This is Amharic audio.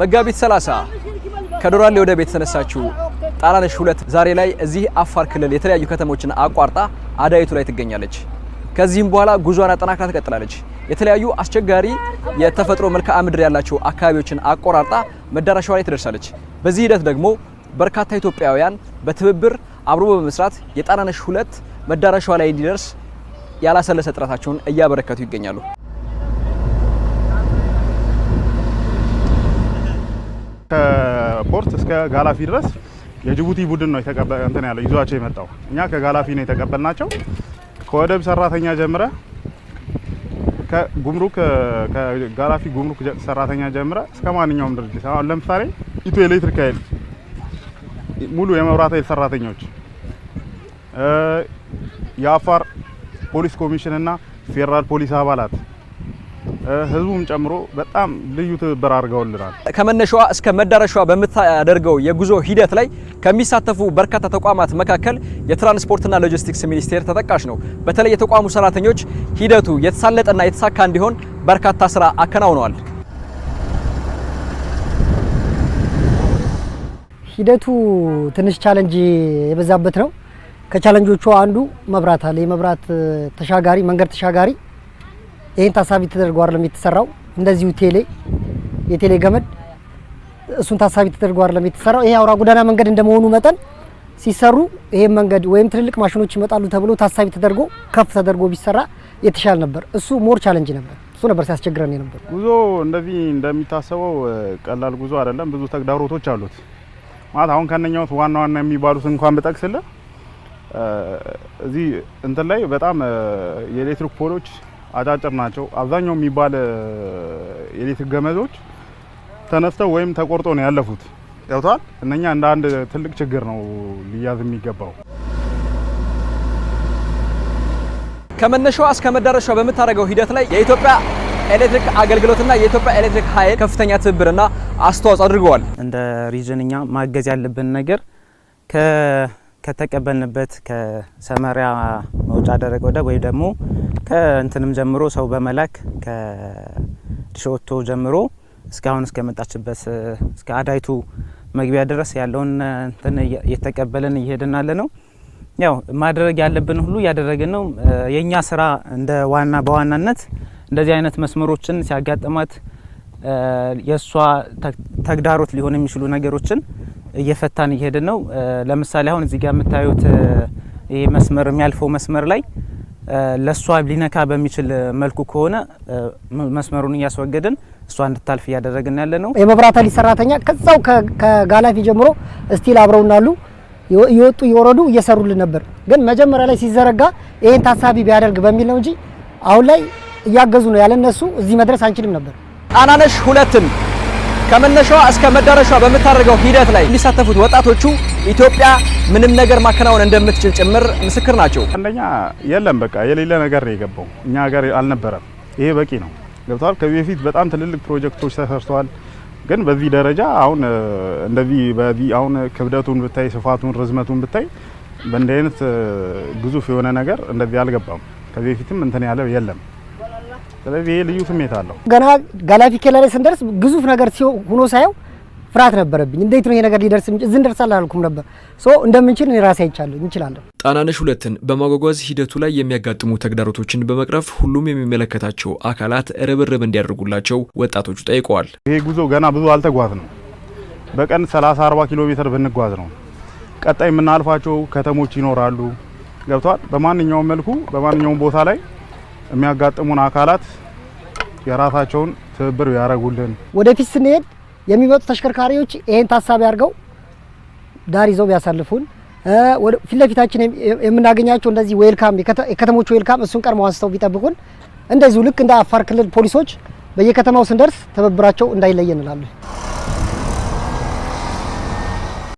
መጋቢት 30 ከዶራሌ ወደ ቤት የተነሳችው ጣናነሽ ሁለት ዛሬ ላይ እዚህ አፋር ክልል የተለያዩ ከተሞችን አቋርጣ አዳይቱ ላይ ትገኛለች። ከዚህም በኋላ ጉዟን አጠናክራ ትቀጥላለች። የተለያዩ አስቸጋሪ የተፈጥሮ መልክዓ ምድር ያላቸው አካባቢዎችን አቆራርጣ መዳረሻዋ ላይ ትደርሳለች። በዚህ ሂደት ደግሞ በርካታ ኢትዮጵያውያን በትብብር አብሮ በመስራት የጣናነሽ ሁለት መዳረሻዋ ላይ እንዲደርስ ያላሰለሰ ጥረታቸውን እያበረከቱ ይገኛሉ። ከፖርት እስከ ጋላፊ ድረስ የጅቡቲ ቡድን ነው የተቀበለ እንትን ያለው ይዟቸው የመጣው እኛ ከጋላፊ ነው የተቀበልናቸው። ከወደብ ሰራተኛ ጀምረ ከጉምሩክ ከጋላፊ ጉምሩክ ሰራተኛ ጀምረ እስከ ማንኛውም ድርጅት አሁን ለምሳሌ ኢትዮ ኤሌክትሪክ ኃይል ሙሉ የመብራት ኃይል ሰራተኞች የአፋር ፖሊስ ኮሚሽንና ፌዴራል ፖሊስ አባላት ህዝቡም ጨምሮ በጣም ልዩ ትብብር አድርገውልናል። ከመነሻዋ እስከ መዳረሻዋ በምታደርገው የጉዞ ሂደት ላይ ከሚሳተፉ በርካታ ተቋማት መካከል የትራንስፖርትና ሎጂስቲክስ ሚኒስቴር ተጠቃሽ ነው። በተለይ የተቋሙ ሰራተኞች ሂደቱ የተሳለጠና የተሳካ እንዲሆን በርካታ ስራ አከናውነዋል። ሂደቱ ትንሽ ቻለንጅ የበዛበት ነው። ከቻለንጆቹ አንዱ መብራት አለ። የመብራት ተሻጋሪ መንገድ ተሻጋሪ ይህን ታሳቢ ተደርጎ አይደለም የተሰራው። እንደዚሁ ቴሌ የቴሌ ገመድ እሱን ታሳቢ ተደርጎ አይደለም የተሰራው። ይሄ አውራ ጎዳና መንገድ እንደመሆኑ መጠን ሲሰሩ ይሄን መንገድ ወይም ትልልቅ ማሽኖች ይመጣሉ ተብሎ ታሳቢ ተደርጎ ከፍ ተደርጎ ቢሰራ የተሻለ ነበር። እሱ ሞር ቻለንጅ ነበር። እሱ ነበር ሲያስቸግረን ነበር። ጉዞ እንደዚህ እንደሚታሰበው ቀላል ጉዞ አይደለም። ብዙ ተግዳሮቶች አሉት ማለት አሁን ከነኛውት ዋና ዋና የሚባሉት እንኳን ብጠቅስልህ እዚህ እንትን ላይ በጣም የኤሌክትሪክ ፖሎች አጫጭር ናቸው። አብዛኛው የሚባል የኤሌክትሪክ ገመዞች ተነስተው ወይም ተቆርጦ ነው ያለፉት። ያውታል እነኛ እንደ አንድ ትልቅ ችግር ነው ሊያዝ የሚገባው። ከመነሻዋ እስከ መዳረሻዋ በምታደርገው ሂደት ላይ የኢትዮጵያ ኤሌክትሪክ አገልግሎትና የኢትዮጵያ ኤሌክትሪክ ኃይል ከፍተኛ ትብብርና አስተዋጽኦ አድርገዋል። እንደ ሪጅን እኛ ማገዝ ያለብን ነገር ከተቀበልንበት ከሰመሪያ መውጫ ደረቅ ወደብ ወይም ደግሞ ከእንትንም ጀምሮ ሰው በመላክ ከድሾቶ ጀምሮ እስካሁን እስከመጣችበት እስከ አዳይቱ መግቢያ ድረስ ያለውን እንትን እየተቀበልን እየሄድናለ ነው። ያው ማድረግ ያለብን ሁሉ እያደረግን ነው። የእኛ ስራ እንደ ዋና በዋናነት እንደዚህ አይነት መስመሮችን ሲያጋጥማት የእሷ ተግዳሮት ሊሆን የሚችሉ ነገሮችን እየፈታን እየሄድን ነው። ለምሳሌ አሁን እዚህ ጋር የምታዩት ይህ መስመር የሚያልፈው መስመር ላይ ለእሷ ሊነካ በሚችል መልኩ ከሆነ መስመሩን እያስወገድን እሷ እንድታልፍ እያደረግን ያለ ነው። የመብራት ኃይል ሰራተኛ ከዛው ከጋላፊ ጀምሮ እስቲል አብረውናሉ። እየወጡ እየወረዱ እየሰሩልን ነበር። ግን መጀመሪያ ላይ ሲዘረጋ ይህን ታሳቢ ቢያደርግ በሚል ነው እንጂ አሁን ላይ እያገዙ ነው። ያለነሱ እዚህ መድረስ አንችልም ነበር። ጣናነሽ ሁለትን ከመነሻዋ እስከ መዳረሻዋ በምታደርገው ሂደት ላይ የሚሳተፉት ወጣቶቹ ኢትዮጵያ ምንም ነገር ማከናወን እንደምትችል ጭምር ምስክር ናቸው። አንደኛ የለም በቃ የሌለ ነገር ነው የገባው እኛ ሀገር አልነበረም። ይሄ በቂ ነው። ገብተዋል። ከዚህ በፊት በጣም ትልልቅ ፕሮጀክቶች ተሰርተዋል። ግን በዚህ ደረጃ አሁን እንደዚህ በዚህ አሁን ክብደቱን ብታይ፣ ስፋቱን፣ ርዝመቱን ብታይ በእንዲህ አይነት ግዙፍ የሆነ ነገር እንደዚህ አልገባም። ከዚህ በፊትም እንትን ያለ የለም። ስለዚህ ይሄ ልዩ ስሜት አለው። ገና ጋላፊ ኬላ ላይ ስንደርስ ግዙፍ ነገር ሆኖ ሳየው ፍርሃት ነበረብኝ። እንዴት ነው ይሄ ነገር ሊደርስ እዚህ እንደርሳል አላልኩም ነበር። ሶ እንደምንችል እኔ ራሴ አይቻለሁ እንችላለን። ጣናነሽ ሁለትን በማጓጓዝ ሂደቱ ላይ የሚያጋጥሙ ተግዳሮቶችን በመቅረፍ ሁሉም የሚመለከታቸው አካላት ርብርብ እንዲያደርጉላቸው ወጣቶቹ ጠይቀዋል። ይሄ ጉዞ ገና ብዙ አልተጓዝ ነው። በቀን 30 40 ኪሎ ሜትር ብንጓዝ ነው። ቀጣይ የምናልፋቸው ከተሞች ይኖራሉ። ገብቷል። በማንኛውም መልኩ በማንኛውም ቦታ ላይ የሚያጋጥሙን አካላት የራሳቸውን ትብብር ያደረጉልን ወደፊት ስንሄድ የሚመጡ ተሽከርካሪዎች ይሄን ታሳቢ አድርገው ዳር ይዘው ቢያሳልፉን ፊት ለፊታችን የምናገኛቸው እንደዚህ ዌልካም የከተሞች ዌልካም እሱን ቀድመው አንስተው ቢጠብቁን፣ እንደዚሁ ልክ እንደ አፋር ክልል ፖሊሶች በየከተማው ስንደርስ ትብብራቸው እንዳይለየን እንላለን።